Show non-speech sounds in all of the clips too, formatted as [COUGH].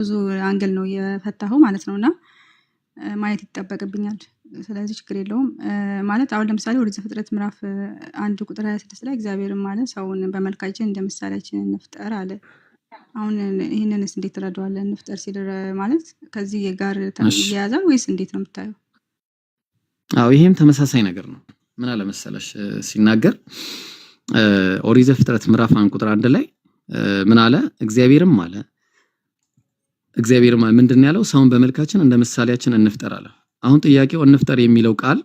ብዙ አንግል ነው የፈታሁ ማለት ነው እና ማየት ይጠበቅብኛል። ስለዚህ ችግር የለውም ማለት አሁን ለምሳሌ ወደ ዘፍጥረት ምዕራፍ አንድ ቁጥር ሀያ ስድስት ላይ እግዚአብሔርም አለ ሰውን በመልካችን እንደ ምሳሌያችን እንፍጠር አለ። አሁን ይህንንስ እንዴት ትረዳዋለህ? እንፍጠር ሲል ማለት ከዚህ ጋር እያያዛል ወይስ እንዴት ነው የምታየው? አዎ ይሄም ተመሳሳይ ነገር ነው። ምን አለመሰለሽ ሲናገር ኦሪዘ ፍጥረት ምዕራፍ አንድ ቁጥር አንድ ላይ ምን አለ? እግዚአብሔርም አለ እግዚአብሔር ምንድን ያለው ሰውን በመልካችን እንደ ምሳሌያችን እንፍጠር አለ። አሁን ጥያቄው እንፍጠር የሚለው ቃል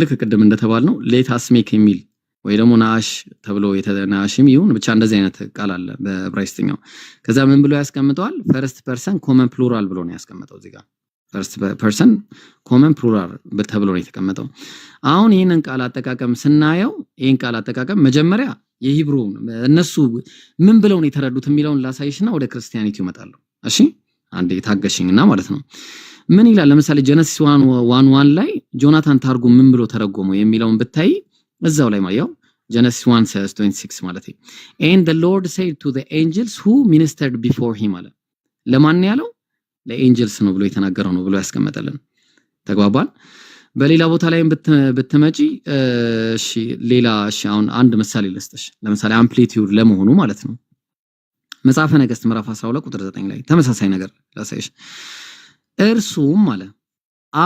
ልክ ቅድም እንደተባል ነው ሌት አስሜክ የሚል ወይ ደግሞ ናሽ ተብሎ የተናሽም ይሁን ብቻ እንደዚህ አይነት ቃል አለ በዕብራይስጥኛው። ከዛ ምን ብሎ ያስቀምጠዋል? ፈርስት ፐርሰን ኮመን ፕሉራል ብሎ ነው ያስቀምጠው እዚህ ጋር ፈርስት ፐርሰን ኮመን ፕሉራል ተብሎ ነው የተቀመጠው። አሁን ይህንን ቃል አጠቃቀም ስናየው ይህን ቃል አጠቃቀም መጀመሪያ የሂብሩ እነሱ ምን ብለው ነው የተረዱት የሚለውን ላሳይሽና ወደ ክርስቲያኒቲው ይመጣለሁ። እሺ አንድ የታገሽኝና ማለት ነው ምን ይላል? ለምሳሌ ጀነሲስ ዋን ዋን ዋን ላይ ጆናታን ታርጉ ምን ብሎ ተረጎመው የሚለውን ብታይ እዛው ላይ ማየው ጀነሲስ 1 26 ማለት ነው and the lord said to the angels who ministered before him አለ ለማን ያለው ለኤንጀልስ ነው ብሎ የተናገረው ነው ብሎ ያስቀመጠልን ተግባባል። በሌላ ቦታ ላይም ብትመጪ እሺ ሌላ እሺ አሁን አንድ ምሳሌ ልስጥሽ። ለምሳሌ አምፕሊቲዩድ ለመሆኑ ማለት ነው መጽሐፈ ነገስት ምዕራፍ 12 ቁጥር 9 ላይ ተመሳሳይ ነገር ላሳይሽ። እርሱም አለ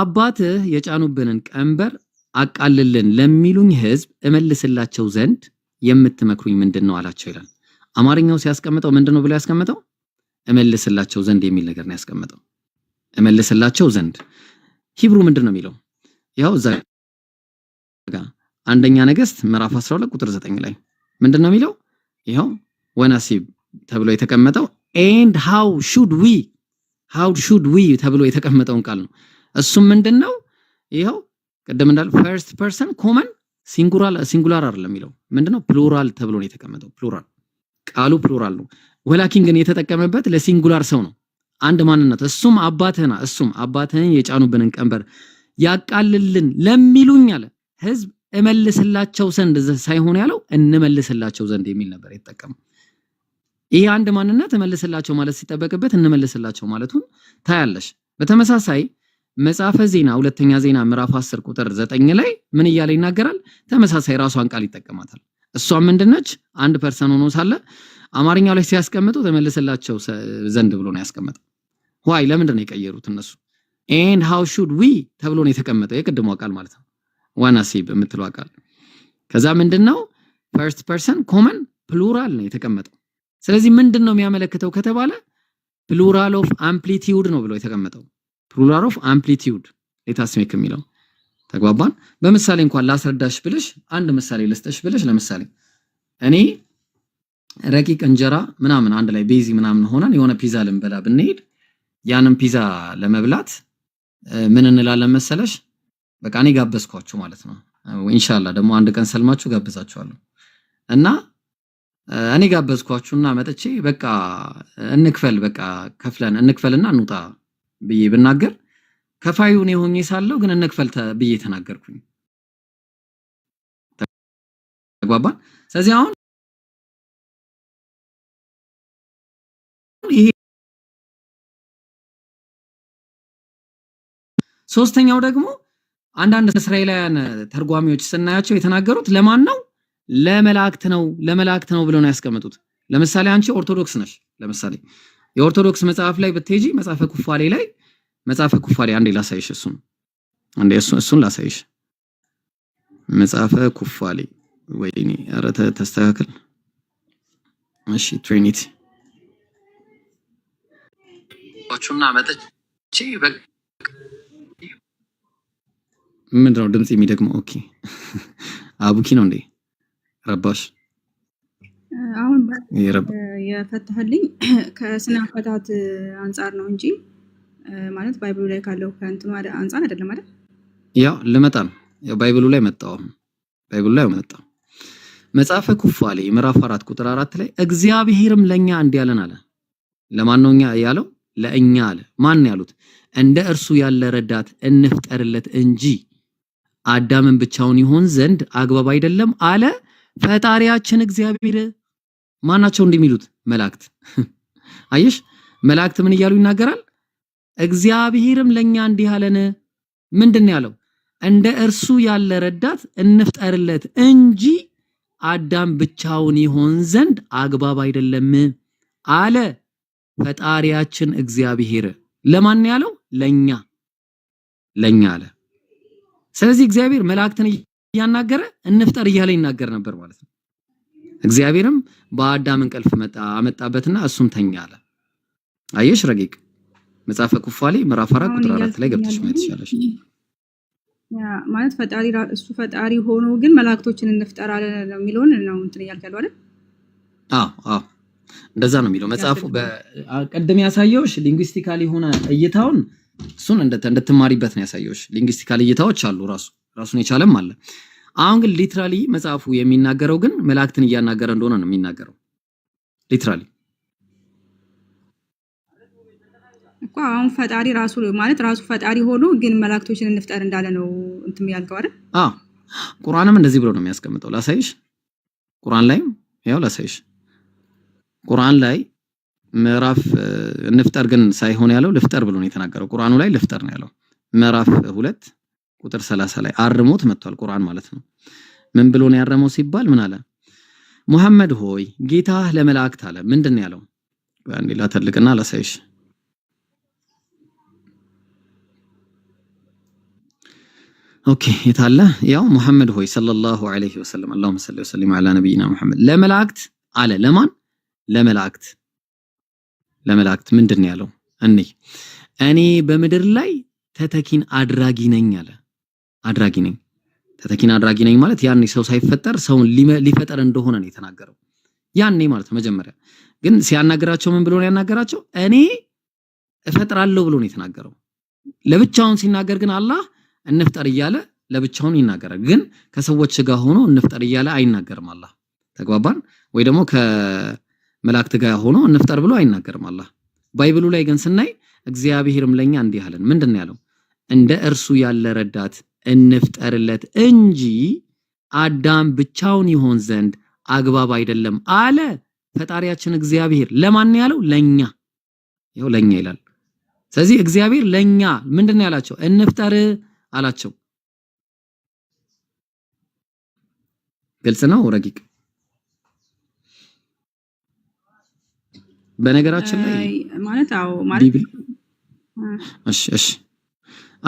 አባትህ የጫኑብንን ቀንበር አቃልልን ለሚሉኝ ህዝብ እመልስላቸው ዘንድ የምትመክሩኝ ምንድን ነው አላቸው ይላል። አማርኛው ሲያስቀምጠው ምንድን ነው ብሎ ያስቀምጠው? እመልስላቸው ዘንድ የሚል ነገር ነው ያስቀምጠው። እመልስላቸው ዘንድ ሂብሩ ምንድን ነው የሚለው? ያው እዛ አንደኛ ነገስት ምዕራፍ 12 ቁጥር 9 ላይ ምንድን ነው የሚለው? ይኸው ወናሲብ ተብሎ የተቀመጠው ኤንድ ሃው ሹድ ዊ ሃው ሹድ ዊ ተብሎ የተቀመጠውን ቃል ነው። እሱም ምንድነው? ይኸው ቅድም እንዳል ፈርስት ፐርሰን ኮመን ሲንጉራል ሲንጉላር አይደለም የሚለው ምንድነው? ፕሉራል ተብሎ ነው የተቀመጠው። ፕሉራል ቃሉ ፕሉራል ነው። ወላኪን ግን የተጠቀመበት ለሲንጉላር ሰው ነው። አንድ ማንነት እሱም አባትህና እሱም አባትህን የጫኑብንን ቀንበር ያቃልልን ለሚሉኝ አለ ህዝብ እመልስላቸው ዘንድ ሳይሆን ያለው እንመልስላቸው ዘንድ የሚል ነበር የተጠቀመው። ይህ አንድ ማንና ተመልስላቸው ማለት ሲጠበቅበት እንመልስላቸው ማለቱን ታያለሽ። በተመሳሳይ መጽሐፈ ዜና ሁለተኛ ዜና ምዕራፍ 10 ቁጥር 9 ላይ ምን እያለ ይናገራል? ተመሳሳይ ራሷን ቃል ይጠቀማታል። እሷም ምንድነች? አንድ ፐርሰን ሆኖ ሳለ አማርኛው ላይ ሲያስቀምጡ ተመልስላቸው ዘንድ ብሎ ነው ያስቀመጠው። ዋይ ለምንድን ነው የቀየሩት እነሱ? ኤንድ ሃው ሹድ ዊ ተብሎ ነው የተቀመጠው። የቅድሟ ቃል ማለት ነው ዋና ሲብ የምትለው ቃል። ከዛ ምንድነው? ፈርስት ፐርሰን ኮመን ፕሉራል ነው የተቀመጠው። ስለዚህ ምንድን ነው የሚያመለክተው ከተባለ ፕሉራል ኦፍ አምፕሊቲዩድ ነው ብሎ የተቀመጠው ፕሉራል ኦፍ አምፕሊቲዩድ ሌታስሜክ የሚለው ተግባባን። በምሳሌ እንኳን ላስረዳሽ ብልሽ አንድ ምሳሌ ልስጠሽ ብልሽ፣ ለምሳሌ እኔ ረቂቅ እንጀራ ምናምን አንድ ላይ ቤዚ ምናምን ሆነን የሆነ ፒዛ ልንበላ ብንሄድ ያንን ፒዛ ለመብላት ምን እንላለን መሰለሽ? በቃ እኔ ጋበዝኳችሁ ማለት ነው። ኢንሻላ ደግሞ አንድ ቀን ሰልማችሁ ጋብዛችኋለሁ እና እኔ ጋበዝኳችሁና መጥቼ በቃ እንክፈል በቃ ከፍለን እንክፈልና እንውጣ ብዬ ብናገር ከፋዩ የሆኝ ሳለው ግን እንክፈል ብዬ ተናገርኩኝ። ተግባባን። ስለዚህ አሁን ሶስተኛው ደግሞ አንዳንድ እስራኤላውያን ተርጓሚዎች ስናያቸው የተናገሩት ለማን ነው ለመላእክት ነው ለመላእክት ነው ብለው ነው ያስቀመጡት። ለምሳሌ አንቺ ኦርቶዶክስ ነሽ። ለምሳሌ የኦርቶዶክስ መጽሐፍ ላይ ብትሄጂ መጽሐፈ ኩፋሌ ላይ መጽሐፈ ኩፋሌ አንዴ ላሳይሽ፣ እሱን አንዴ እሱን ላሳይሽ። መጽሐፈ ኩፋሌ ወይኔ፣ ኧረ ተስተካከል። እሺ ትሪኒቲ ቹና መጥቼ ነው ድምጽ የሚደግመው? ኦኬ አቡኪ ነው እንዴ? ረባሽ አሁን የፈታህልኝ [CLEARS THROAT] ከስነ አፈታት አንጻር ነው እንጂ ማለት ባይብሉ ላይ ካለው ከንት አንጻር አይደለም አይደል? ያው ልመጣ ነው። ባይብሉ ላይ መጣው ባይብሉ ላይ መጣ። መጽሐፈ ኩፋሌ ምዕራፍ አራት ቁጥር አራት ላይ እግዚአብሔርም ለእኛ እንዲህ ያለን አለ። ለማን ነው እኛ ያለው? ለእኛ አለ። ማን ያሉት? እንደ እርሱ ያለ ረዳት እንፍጠርለት እንጂ አዳምን ብቻውን ይሆን ዘንድ አግባብ አይደለም አለ ፈጣሪያችን እግዚአብሔር ማናቸው እንደሚሉት መላእክት [LAUGHS] አየሽ፣ መላእክት ምን እያሉ ይናገራል? እግዚአብሔርም ለኛ እንዲህ አለን። ምንድን ያለው? እንደ እርሱ ያለ ረዳት እንፍጠርለት እንጂ አዳም ብቻውን ይሆን ዘንድ አግባብ አይደለም አለ ፈጣሪያችን እግዚአብሔር። ለማን ያለው? ለኛ ለኛ አለ። ስለዚህ እግዚአብሔር መላእክትን እያናገረ እንፍጠር እያለ ይናገር ነበር ማለት ነው። እግዚአብሔርም በአዳም እንቅልፍ አመጣበትና እሱም ተኛ አለ። አየሽ ረቂቅ መጽሐፈ ኩፋሌ ምዕራፍ አራት ቁጥር አራት ላይ ገብተሽ ማየት ይቻላል። ማለት ፈጣሪ እሱ ፈጣሪ ሆኖ ግን መላእክቶችን እንፍጠር አለ ነው የሚለውን ነው እንትን እያልክ አይደል? አዎ አዎ፣ እንደዛ ነው የሚለው መጽሐፉ። በቀደም ያሳየውሽ ሊንግዊስቲካል የሆነ እይታውን እሱን እንደተማሪበት ነው ያሳየውሽ። ሊንግዊስቲካል እይታዎች አሉ ራሱ ራሱን የቻለም አለ። አሁን ግን ሊትራሊ መጽሐፉ የሚናገረው ግን መላእክትን እያናገረ እንደሆነ ነው የሚናገረው። ሊትራሊ እኮ አሁን ፈጣሪ ራሱ ማለት ራሱ ፈጣሪ ሆኖ ግን መላእክቶችን እንፍጠር እንዳለ ነው እንትም ያልከው አይደል? አዎ ቁርአንም እንደዚህ ብሎ ነው የሚያስቀምጠው። ላሳይሽ፣ ቁርአን ላይ ያው ላሳይሽ። ቁርአን ላይ ምዕራፍ እንፍጠር ግን ሳይሆን ያለው ልፍጠር ብሎ ነው የተናገረው። ቁርአኑ ላይ ልፍጠር ነው ያለው ምዕራፍ ሁለት ቁጥር 30 ላይ አርሞት መጥቷል። ቁርአን ማለት ነው። ምን ብሎ ነው ያረመው ሲባል ምን አለ? ሙሐመድ ሆይ ጌታ ለመላእክት አለ። ምንድን ያለው? አንዴ ላተልቅና ላሳይሽ። ኦኬ የታለ? ያው ሙሐመድ ሆይ ሰለላሁ ዐለይሂ ወሰለም አላሁመ ሰሊ ወሰሊም ዐላ ነቢይና ሙሐመድ ለመላእክት አለ። ለማን? ለመላእክት ለመላእክት። ምንድን ነው ያለው? እኔ በምድር ላይ ተተኪን አድራጊ ነኝ አለ። አድራጊ ነኝ፣ ተተኪን አድራጊ ነኝ ማለት ያኔ ሰው ሳይፈጠር ሰውን ሊፈጠር እንደሆነ ነው የተናገረው። ያኔ ማለት ነው። መጀመሪያ ግን ሲያናገራቸው ምን ብሎ ነው ያናገራቸው? እኔ እፈጥራለሁ ብሎ ነው የተናገረው። ለብቻውን ሲናገር ግን አላህ እንፍጠር እያለ ለብቻውን ይናገራል። ግን ከሰዎች ጋር ሆኖ እንፍጠር እያለ አይናገርም አላህ። ተግባባን ወይ? ደግሞ ከመላእክት ጋር ሆኖ እንፍጠር ብሎ አይናገርም አላህ። ባይብሉ ላይ ግን ስናይ እግዚአብሔርም ለኛ እንዲህ አለን። ምንድን ነው ያለው? እንደ እርሱ ያለ ረዳት እንፍጠርለት እንጂ አዳም ብቻውን ይሆን ዘንድ አግባብ አይደለም አለ ፈጣሪያችን እግዚአብሔር። ለማን ያለው? ለኛ። ይኸው ለኛ ይላል። ስለዚህ እግዚአብሔር ለኛ ምንድን ነው ያላቸው? እንፍጠር አላቸው። ግልጽ ነው ረቂቅ። በነገራችን ላይ ማለት አዎ ማለት እሺ እሺ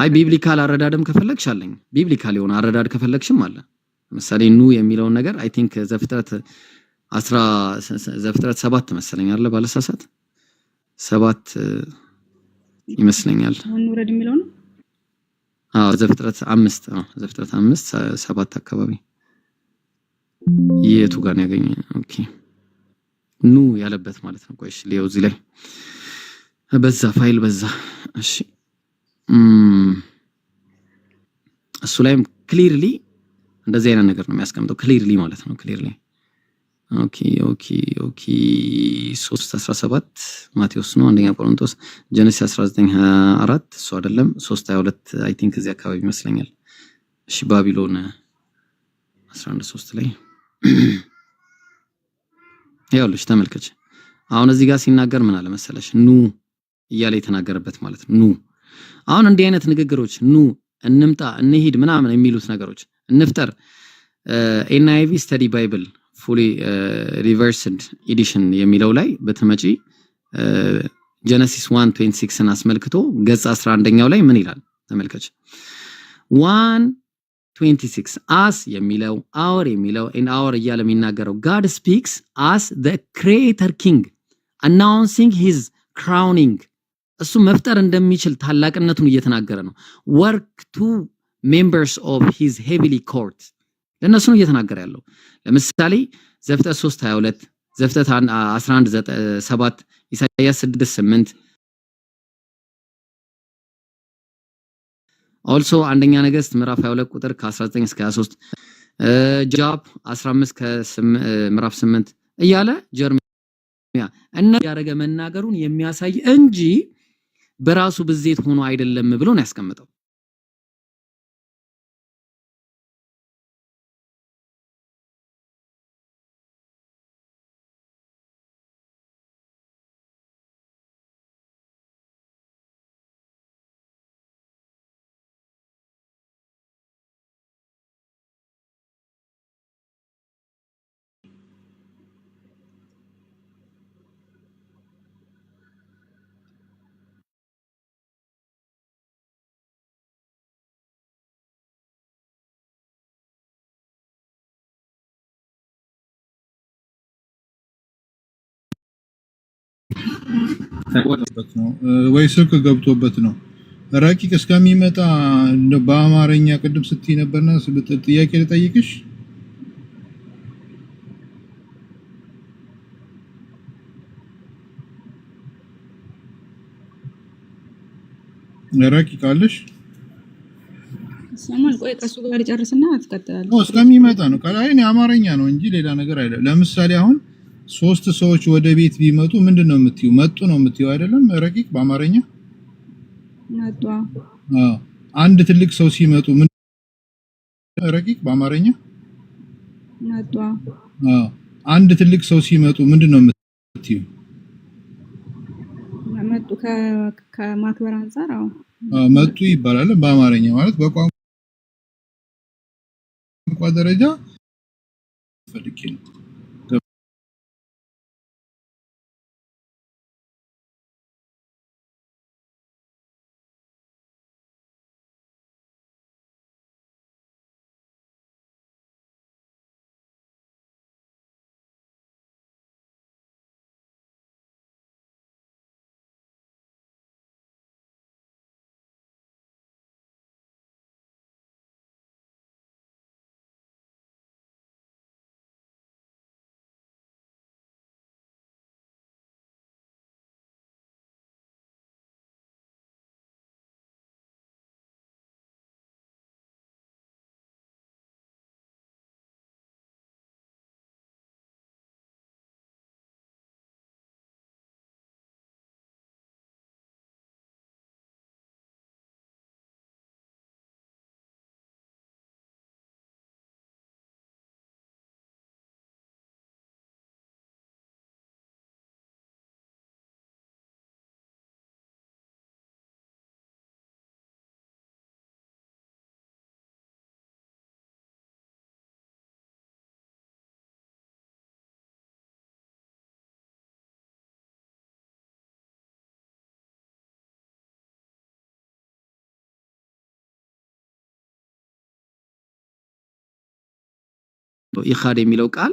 አይ ቢብሊካል አረዳድም ከፈለግሽ አለኝ። ቢብሊካል የሆነ አረዳድ ከፈለግሽም አለ። ለምሳሌ ኑ የሚለውን ነገር አይ ቲንክ ዘፍጥረት አስራ ዘፍጥረት ሰባት መሰለኝ አለ ባለሳሳት ሰባት ይመስለኛል ወንውረድ የሚለው ነው። አዎ ዘፍጥረት አምስት አዎ ዘፍጥረት አምስት ሰባት አካባቢ የቱ ጋር ያገኘ? ኑ ያለበት ማለት ነው። ቆይሽ ሊየው እዚህ ላይ በዛ ፋይል በዛ እሺ እሱ ላይም ክሊርሊ እንደዚህ አይነት ነገር ነው የሚያስቀምጠው። ክሊርሊ ማለት ነው ክሊርሊ። ኦኬ ኦኬ ኦኬ 17 ማቴዎስ ነው አንደኛ ቆሮንቶስ ጀነሲስ 1924 እሱ አይደለም 3 22 አይ ቲንክ እዚህ አካባቢ ይመስለኛል። እሺ ባቢሎን 11 ላይ ያውልሽ ተመልከች። አሁን እዚህ ጋር ሲናገር ምን አለ መሰለሽ ኑ እያለ የተናገረበት ማለት ነው ኑ አሁን እንዲህ አይነት ንግግሮች ኑ፣ እንምጣ፣ እንሂድ ምናምን የሚሉት ነገሮች እንፍጠር፣ ኤንአይቪ ስተዲ ባይብል ፉሊ ሪቨርስድ ኤዲሽን የሚለው ላይ በትመጪ ጀነሲስ 1:26ን አስመልክቶ ገጽ 11ኛው ላይ ምን ይላል ተመልከች። 1:26 አስ የሚለው አወር የሚለው ኢን አወር እያለ የሚናገረው ጋድ ስፒክስ አስ ዘ ክሬተር ኪንግ አናውንሲንግ ሂዝ ክራውኒንግ እሱ መፍጠር እንደሚችል ታላቅነቱን እየተናገረ ነው። ወርክ ቱ ሜምበርስ ኦፍ ሂዝ ሄቪሊ ኮርት ለእነሱ ነው እየተናገረ ያለው። ለምሳሌ ዘፍጥረት 3 22፣ ዘፍጥረት 11 7፣ ኢሳያስ 6 8 ኦልሶ አንደኛ ነገስት ምዕራፍ 22 ቁጥር ከ19 እስከ 23 ጃብ 15 ከ ምዕራፍ 8 እያለ ጀርሚያ እና ያደረገ መናገሩን የሚያሳይ እንጂ በራሱ ብዜት ሆኖ አይደለም ብሎ ነው ያስቀምጠው። ተቆጥበት ነው ወይ ስልክ ገብቶበት ነው። ረቂቅ እስከሚመጣ በአማርኛ ቅድም ስትይ ነበርና ጥያቄ ልጠይቅሽ። ረቂቅ አለሽ? ሰማን ቆይ፣ ከሱ ጋር ጨርስና ትቀጥላለህ። እስከሚመጣ ነው። አማርኛ ነው እንጂ ሌላ ነገር አይደለም። ለምሳሌ አሁን ሶስት ሰዎች ወደ ቤት ቢመጡ ምንድን ነው የምትዩ? መጡ ነው የምትዩ አይደለም? ረቂቅ በአማርኛ መጡ። አንድ ትልቅ ሰው ሲመጡ ምን ረቂቅ በአማርኛ መጡ። አንድ ትልቅ ሰው ሲመጡ ምንድን ነው የምትዩ? መጡ ከማክበር አንፃር መጡ ይባላል በአማርኛ ማለት በቋንቋ ደረጃ ፈልጌ ነው ኢኻድ የሚለው ቃል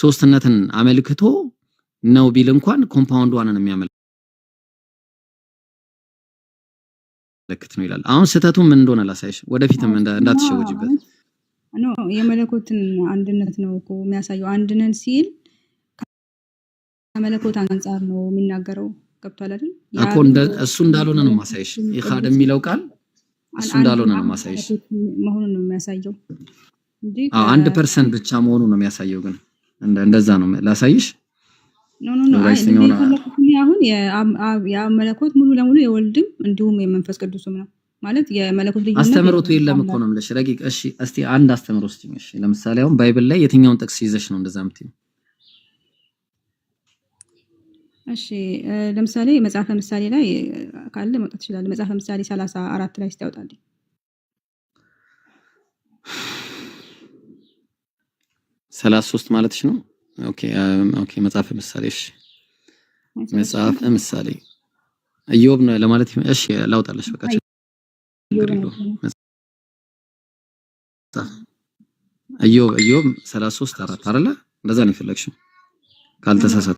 ሶስትነትን አመልክቶ ነው ቢል እንኳን ኮምፓውንድ ዋንን የሚያመለክት ነው ይላል። አሁን ስህተቱ ምን እንደሆነ ላሳይሽ፣ ወደፊትም እንዳትሸወጅበት። የመለኮትን አንድነት ነው እኮ የሚያሳየው። አንድነን ሲል ከመለኮት አንጻር ነው የሚናገረው። ገብቷል አይደል? እሱ እንዳልሆነ ነው ማሳይሽ። ኢኻድ የሚለው ቃል እሱ እንዳልሆነ ነው ማሳይሽ መሆኑን ነው የሚያሳየው። አንድ ፐርሰንት ብቻ መሆኑ ነው የሚያሳየው። ግን እንደዛ ነው ላሳይሽ። አሁን የመለኮት ሙሉ ለሙሉ የወልድም እንዲሁም የመንፈስ ቅዱስም ነው ማለት የመለኮት ልጅ አስተምሮቱ የለም እኮ ነው የምልሽ። ረቂቅ እሺ፣ እስቲ አንድ አስተምሮ እስቲ እሺ፣ ለምሳሌ አሁን ባይብል ላይ የትኛውን ጥቅስ ይዘሽ ነው እንደዛ የምትይው? እሺ፣ ለምሳሌ መጽሐፈ ምሳሌ ላይ ካለ መውጣት ይችላል። መጽሐፈ ምሳሌ ሰላሳ አራት ላይ ስታወጣልኝ ሰላሳ ሶስት ማለትሽ ነው። ኦኬ ኦኬ። መጽሐፈ ምሳሌ እሺ፣ መጽሐፈ ምሳሌ ነው ለማለት እሺ፣ ላውጣለሽ በቃ ኢዮብ ኢዮብ ሰላሳ ሶስት አራት አይደለ? እንደዛ ነው የፈለግሽው ካልተሳሳ